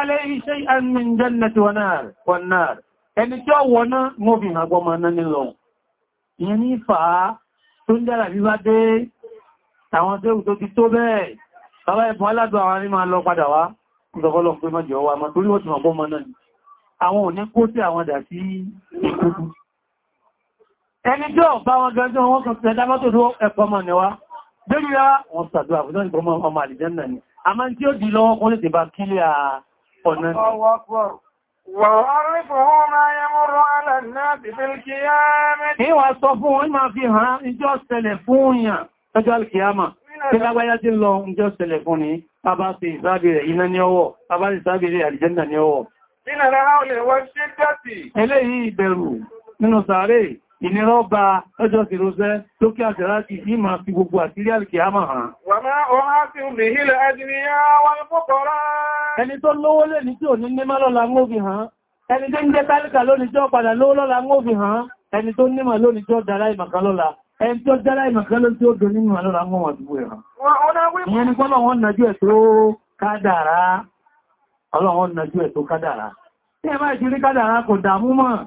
عليه شيئا من جنة ونار والنار ẹni tí ó wọná mọ́ fi hàn gbọmọ náà nílọ ìyẹn ní fàá tó ń dára bí bá dé àwọn tẹ́wù tó ti tó bẹ́ẹ̀ bàbá ẹ̀bùn aládùn àwọn arí máa lọ padà wá ìzọ̀kọ́lọ̀ pé mọ́ jẹ́ ọwà mọ́ torí wọ́n ti mọ̀ gbọmọ náà àwọn ò ní kó sí àwọn dà ni a máa tí ó di lọ́wọ́ kún lè ti bá kílẹ̀ àà ọ̀nà Ìwà sọ fún wọn máa fi hàn ìjọ́ ṣẹlẹ̀ fún òyìn ọjọ́ alkiyama, tí lágbàáyá tí lọ ìjọ́ ṣẹlẹ̀ fún ní, bàbá sí ìsáàbì rẹ̀ iná ní ọwọ́, bàbá sí ìsáàbì rẹ̀ àlìjẹ́ndà ní ọwọ́ ìnira ọba ọjọ́ ìrọsẹ́ lókè àṣẹ́láti ìmá fi gbogbo àtírí alìkìyàmà hàn. wà máa ọha sí omi ilẹ̀ ẹdìnìyà wà ní fọ́kọ̀ọ́rá ẹni tó lówó lè ní tí ò ní ní mẹ́lọ́la ń gbóbi hàn ẹni tó ń jẹ́ tálíkà lónìí jọ padà lówó lọ́la ń gbóbi hàn ẹni tó nímọ̀ lónìí jọ dára ìmọ̀kan lọ́la ẹni tó dára ìmọ̀kan ló tí ó dùn nínú àlọ́ra wọn wà dúgbò ẹ̀hàn ìyẹn ni pọ́lọ̀ wọn nàjú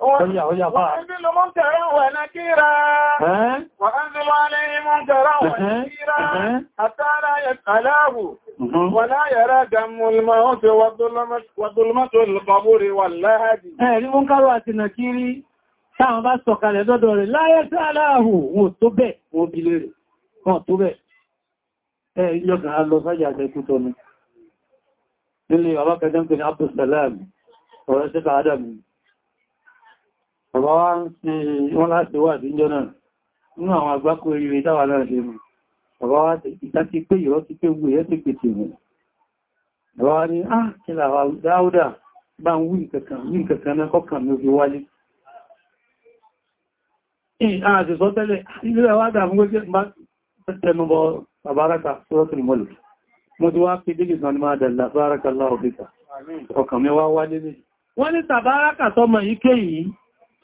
وأنزل منكرا ونكيرا وأنزل عليه منكرا ونكيرا حتى لا يسأله ولا يرى دم الموت وظلمة القبور واللهج ẹ̀rí múnkàrò àti nàkírí táwọn bá sọ̀kalẹ̀ lọ́dọ̀ rẹ̀ láyé sí aláàhù wọn tó bẹ̀ wọn bí lèrè wọn tó bẹ̀ ẹ̀ ìjọkàn á lọ sáyà àgbẹ̀kú tọ́nu nílé ọlọ́pẹ̀ẹ́dẹ́mkẹ̀ ní abdulsalam ọ̀rọ̀ sí bàbá wá ń ṣe wọ́n láti wà sí jọ́nà nínú àwọn agbákò eré dáwà náà ṣe mú bàbá wá ìta ti pé ìrọ́ ti pé gbé ẹ́ ti pè tì mú bàbá wá ní ah kí làwà dáúdà bá ń wí kankan wí kankan náà kọ́kàn ní ojú wálé àṣìṣọ́ tẹ́lẹ̀ ilé wá dà fún gbé tẹnubọ bàbáraka sọ́rọ̀tún mọ́lù mo ti wá pé dégì sọ ni máa dàlà báraka láòfíkà ọkàn mi wá wálé ní wọ́n ní tàbáraka tọmọ yìí kéyìí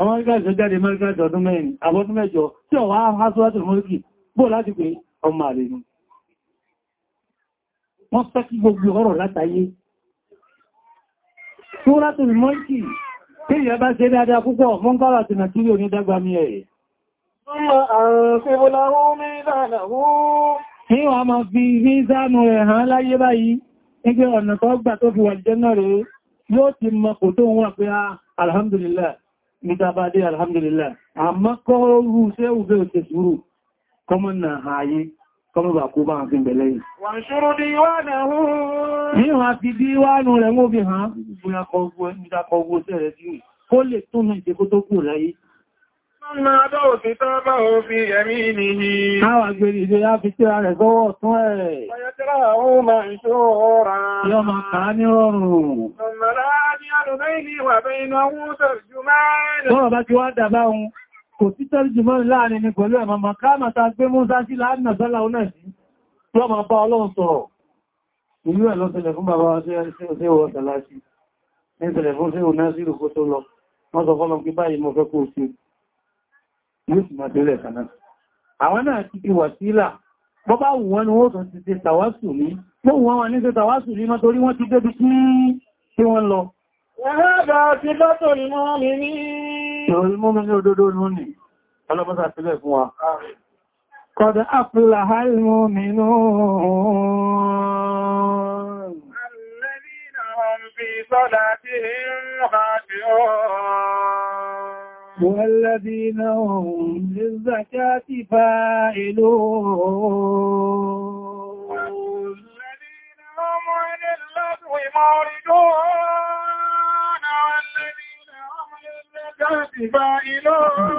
Amẹ́ríkà ìṣẹ́jáde Amẹ́ríkà ìjọdún mẹ́rin, àbọ́dún mẹ́jọ tí ọ̀wá Hásúwátì Mọ́ríkì bó láti pé ọmọ àrẹ nù. Wọ́n fẹ́ kí gbogbo ọ̀rọ̀ látàyé. Tí ó láti Mọ́ríkì, tí ìyẹ bá ṣe dáadáa púpọ̀, mọ́ńkọ́rọ̀ àti Nàìjíríà onídàgbà mi ẹ̀rẹ̀. Ní wọ́n máa fi ní ìdánù rẹ̀ hàn láyé báyìí, nígbé ọ̀nà tó gbà tó fi wà jẹ́ náà rẹ̀ yóò ti mọ kò tó wọ́n pé ah, alhamdulillah nígbàbádé alhamdulillah àmọ́ kọ́rù ṣe òfẹ́ òṣè sùúrù kọmọ na ààyè kọmọ bà kó bá ń fi bẹ̀lẹ̀ yìí wọ́n ṣúrú díwánà hù Máa dọ́wọ̀ sí tọ́bá òfin ẹ̀mí nìyí. Káwà ìṣẹ́ yá fi tíra rẹ̀ gọ́wọ́ tún ẹ̀. Ọ̀yọ̀tíra ó máa ń ṣó ọ̀rá. Yọ́ máa kàá ní rọrùn. Ọ̀mọ̀lá ní àrùn ní ìwà bẹ́ iná wútọ̀ jùmọ́ ẹ̀rẹ̀. Tọ́rọ bá ti wá dàbá ohun, kò títọ́ yóò sì máa bẹ̀rẹ̀ ẹ̀sà náà àwọn náà ti fi wàsílà bọ́bá wọn ni wọ́n tún ti ṣe tàwásù ní wọ́n wọ́n wọ́n ní ṣe tàwásù ní mọ́ torí wọ́n ti débi tí wọ́n lọ Qad aflaha al-mu'minun. Alladhina hum fi salatihim khashi'un. والذين هم للزكاة فائلون والذين هم عن اللغو موردون والذين هم للزكاة فائلون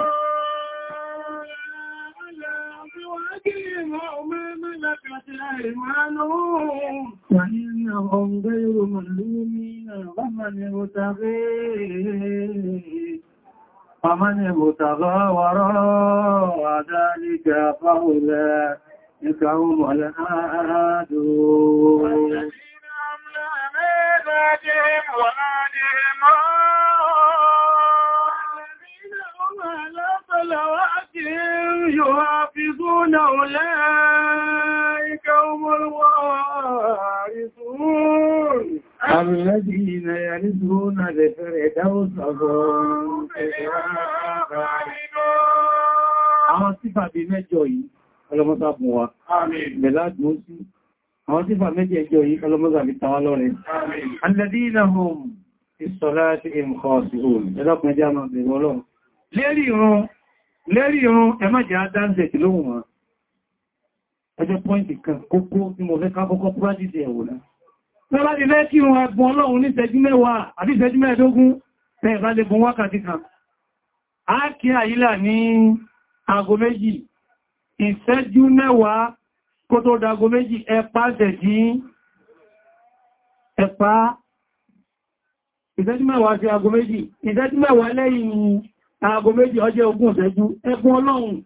وإنهم غير ملومين فمن ارتغي فمن ابتغى وراء ذلك فأولئك هم العادون والذين أملأنا ذاتهم ونادهم الذين هم على صلواتهم يحافظون أولئك هم الوارثون الذين يرثون لفردوس هم Àwọn sífà bí mẹ́jọ yìí, ọlọ́mọ́sá fún wa. Bẹ̀láàdùn sí. Àwọn sífà méjì yìí, ọlọ́mọ́sá fi tàwà lọ́rẹ̀. Alladina hum bissalatihim khasihun. Ẹlọ́pìn jẹ́ àmà bèèrè ọlọ́run wọ́n bá ti fẹ́ kí wọn ẹgbùn ọlọ́run ní ìṣẹ́jú mẹ́wàá àti ìṣẹ́jú mẹ́ẹ̀dógún tẹ́ bá lè gùn wákàtí kan a kí àyílà ní aago méjì ìṣẹ́jú mẹ́wàá kó tó dágo méjì ẹpá ṣẹ̀jí ẹpá ìṣẹ́jú mẹ́wàá sí aago méjì ìṣẹ́jú mẹ́wàá lẹ́yìn aago méjì ọjẹ́ ogún ìṣẹ́jú ẹgbùn ọlọ́run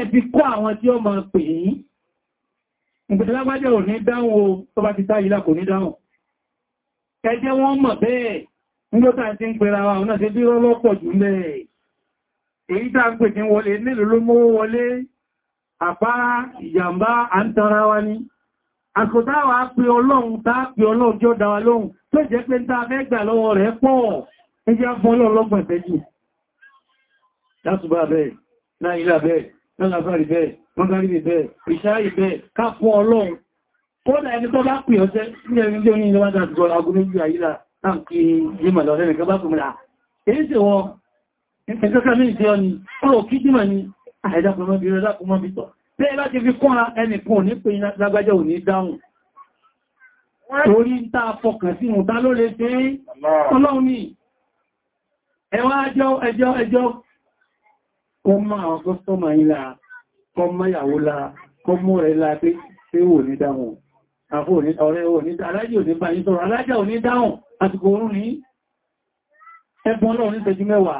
ẹbí kọ́ àwọn tí ó máa pè yí ìgbẹ̀lágbájẹ́ ò ní dáhùn o tó bá ti táyí lákò ní dáhùn ẹjẹ́ wọ́n mọ̀ bẹ́ẹ̀ nígbótà tí ń pèrà wa ọ̀nà tí dúró lọ́pọ̀ jù lẹ̀ èyí tá ń pè tí wọlé nílùú ló mówó wọlé àpá ìjàmbá à ń tara wa ní àkótáwà pé ọlọ́run tá pé ọlọ́run jọ dáwà fún ọlọ́run lọ́gbọ̀n ìfẹ́jì látùbà bẹ́ẹ̀ láìlà bẹ́ẹ̀ lọ́làbárì bẹ́ẹ̀ mọ́gáríbì bẹ́ẹ̀ ìṣáàì bẹ́ẹ̀ kápọ̀ ọlọ́run kódà ẹni tó bá pè ọ̀sẹ́ ní ẹni tí ó ní ìlọ́wọ́dá àti gọ́ọ̀lá agúnlé jù àyílá náà kí jímọ̀ lọ́rẹ́ nìkan bá kùnmọ̀ èyí tí wọ́n ẹ̀kẹ́kẹ́ mí tí ó ní ọ̀rọ̀ kí jímọ̀ ní àìdákùnmọ́bí rẹ̀ lákùnmọ́bítọ̀ bẹ́ẹ̀ láti fi kọ́ra ẹnì kan ní pé lágbájá ò ní dáhùn torí ń tá fọkàn sí mú tá ló lè ṣe ọlọ́run ní ẹwà ẹjọ́ ẹjọ́ ẹjọ́ kọ mọ́ àwọn kọ́sọ́mà ilá kọ mọ́ ìyàwó la kọ mú rẹ̀ la pé pé wò ní dáhùn àfò ní ọ̀rẹ́ wò ní alájẹ́ òní bá yí sọ̀rọ̀ alájẹ́ òní dáhùn àsìkò orún ní ẹgbọ́n lọ́rùn ní ìṣẹ́jú mẹ́wàá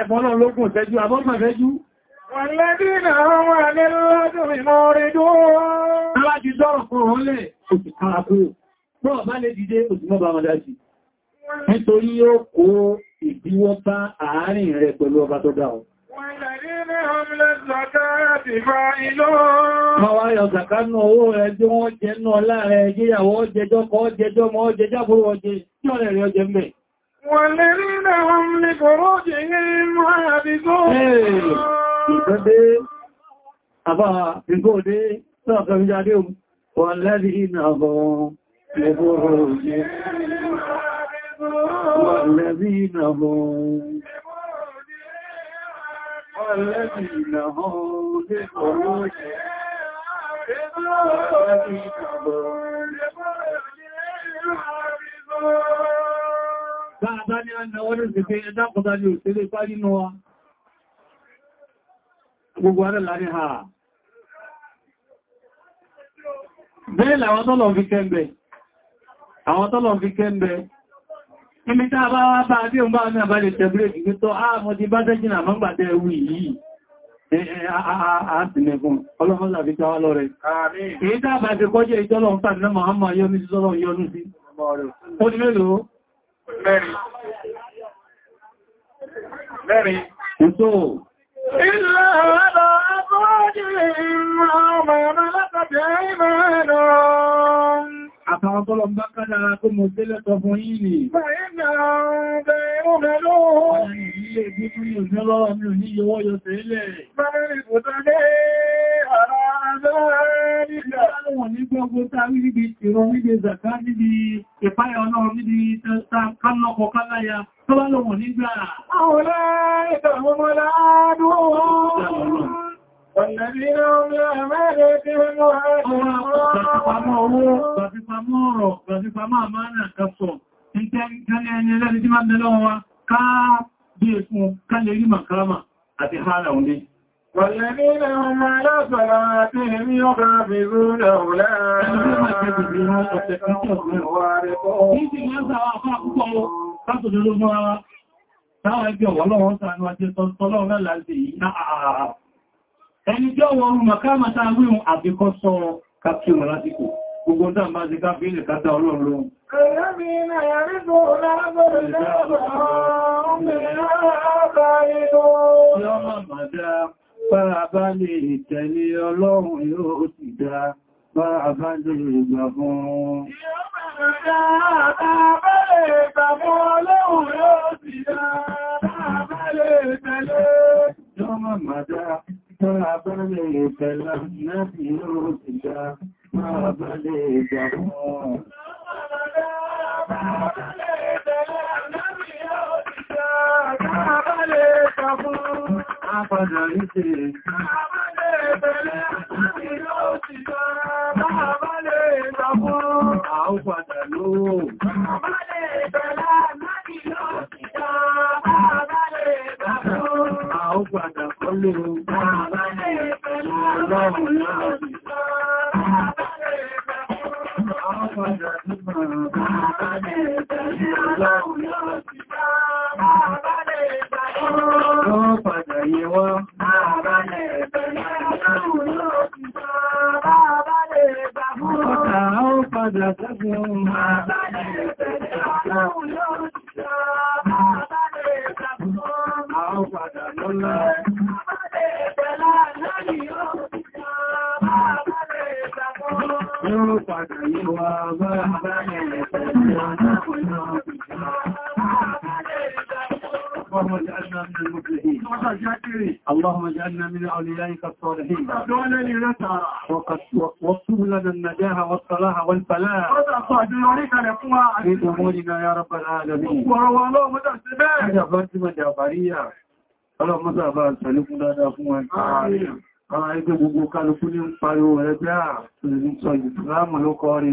ẹgbọ́n lọ́rùn lógún ìṣẹ́jú abọ́gbọ̀n ìṣẹ́jú والذين هم عن اللغو معرضون láti dọ́rọ̀ fún ọ̀rọ̀ lẹ̀ òsì káàkó náà bá lè dìde òsì mọ́ bá mọ́dájì nítorí yóò kó ìdíwọ́ bá àárín rẹ̀ pẹ̀lú ọba tó dá ọ والذين هم للزكاة فاعلون Àwọn ayọ̀ zakánú owó rẹ̀ jí wọ́n jẹ ní ọlá rẹ̀ jíyàwó jẹjọ́ kọ́ jẹjọ́ mọ́ jẹjá fún ọjẹ́ tí ọ̀rẹ́ rẹ̀ ọjẹ́ mẹ́. Wọ́n lè rí náà wọ́n ní kòrò jẹ́ ní mọ́ àbígó. Ẹ̀ẹ́ الذين هم لفروجهم Dáadáa ni a ń náwọ́ ní ìsìnkú ẹ̀dàkùnta ni òṣèré parí nù wa. Gbogbo ara láàrin ha. Bẹ́ẹ̀ làwọn tọ́lọ̀ fi kẹ́ ń bẹ̀. Àwọn tọ́lọ̀ fi kẹ́ ń bẹ̀. Ibi tá bá wá bá bí òun bá ní àbálẹ̀ tẹ̀bírẹ̀kì pé tó ààmọ́ ah, ti bá tẹ́jìnà mọ́ gbà yìí. Ààtì mẹ́fún, ọlọ́run làbí tàwà lọ rẹ̀. Èyí tá bá ti kọjẹ́ ìjọ́lọ̀ àtàwọn tọ́lọ bá kádàrà tó mọ̀ sílẹ̀ tọ fún yìí ni ìgbàyẹ̀nà ọ̀rẹ́ ọ̀rẹ́ lóòrùn ilé ìgbìkú ní òṣèlú lọ́wọ́ mi ò ní yọwọ́ yọ sílẹ̀ bẹ́rẹ̀ ìgbòtọ́lé àrà àwọn nígbọ́gbọ́ tàbí níbi ìrọ̀ níbi ìzàká níbi ìpáyà nígbà. Àwọn ọlá ìtàwọn ọmọ والذين هم لأماناتهم وآتهم الله والذين هم على صلاتهم يحافظون أولئك هم الوارثون ẹni tí ọwọ́ orú makamata wíhun àbíkọ́ sọ kápsí wọn lásìkò gbogbo náà máa ti káfí ilẹ̀ kátà ọlọ́run Bàbá lè tẹ̀lé time, أمورنا يا رب العالمين Ọlọ́run mọ́ta bá ṣàlékún dáadáa fún wọn. Àwọn ẹgbẹ́ gbogbo kálukú ní ń pariwo ẹgbẹ́ àà tó lè ní sọ ìdìtìlámù ló kọ́ rí.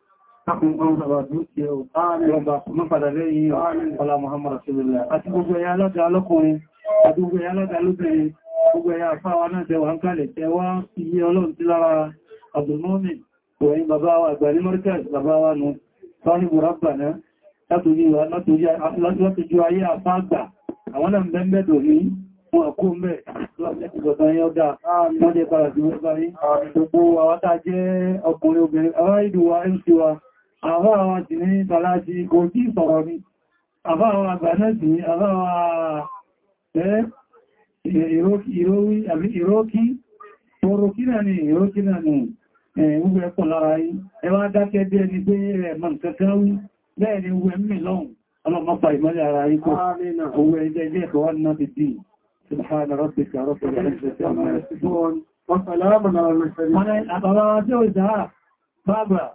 Àdúgbò ẹ̀yà alága lóbìnrin, gbogbo ẹ̀yà àfáwà náà tẹwà ń kalẹ̀ tẹwà iye ọlọ́run tí lára Abdulmomin, òyìn bàbá wa àgbà ní Mọ́ríkàs bàbá wa nù, Sọ́hìbù Rabbana, látòjú ayé àfá àgbà, àwọn náà bẹ́m̀bẹ̀ dòmí, wọn kó mẹ́ ìgbọ̀tàn yọ́ dá wọ́n jẹ́ para sí wọ́n bá rí, gbogbo àwátá jẹ́ ọkùnrin obìnrin, ará ìdùwà mc wa, àwọn àwọn ti ní tàlájí kò tí sọ̀rọ̀ ní àbá àwọn àgbànẹ́sì àbá àwọn ìrókí orókí náà ni ìrókí náà ni ẹ̀wùgbẹ̀ pọ̀ lára yìí ẹwà dákẹ́ bí ẹni pé rẹ̀ mọ̀ kẹkẹrẹ wú bẹ́ẹ̀ ni wú ẹ̀mì lọ́hùn ọlọ́mọ́pàá ìmọ́lẹ̀ ara yìí kò owó ẹgbẹ́ ẹgbẹ́ ẹ̀kọ́ wọn náà ti dì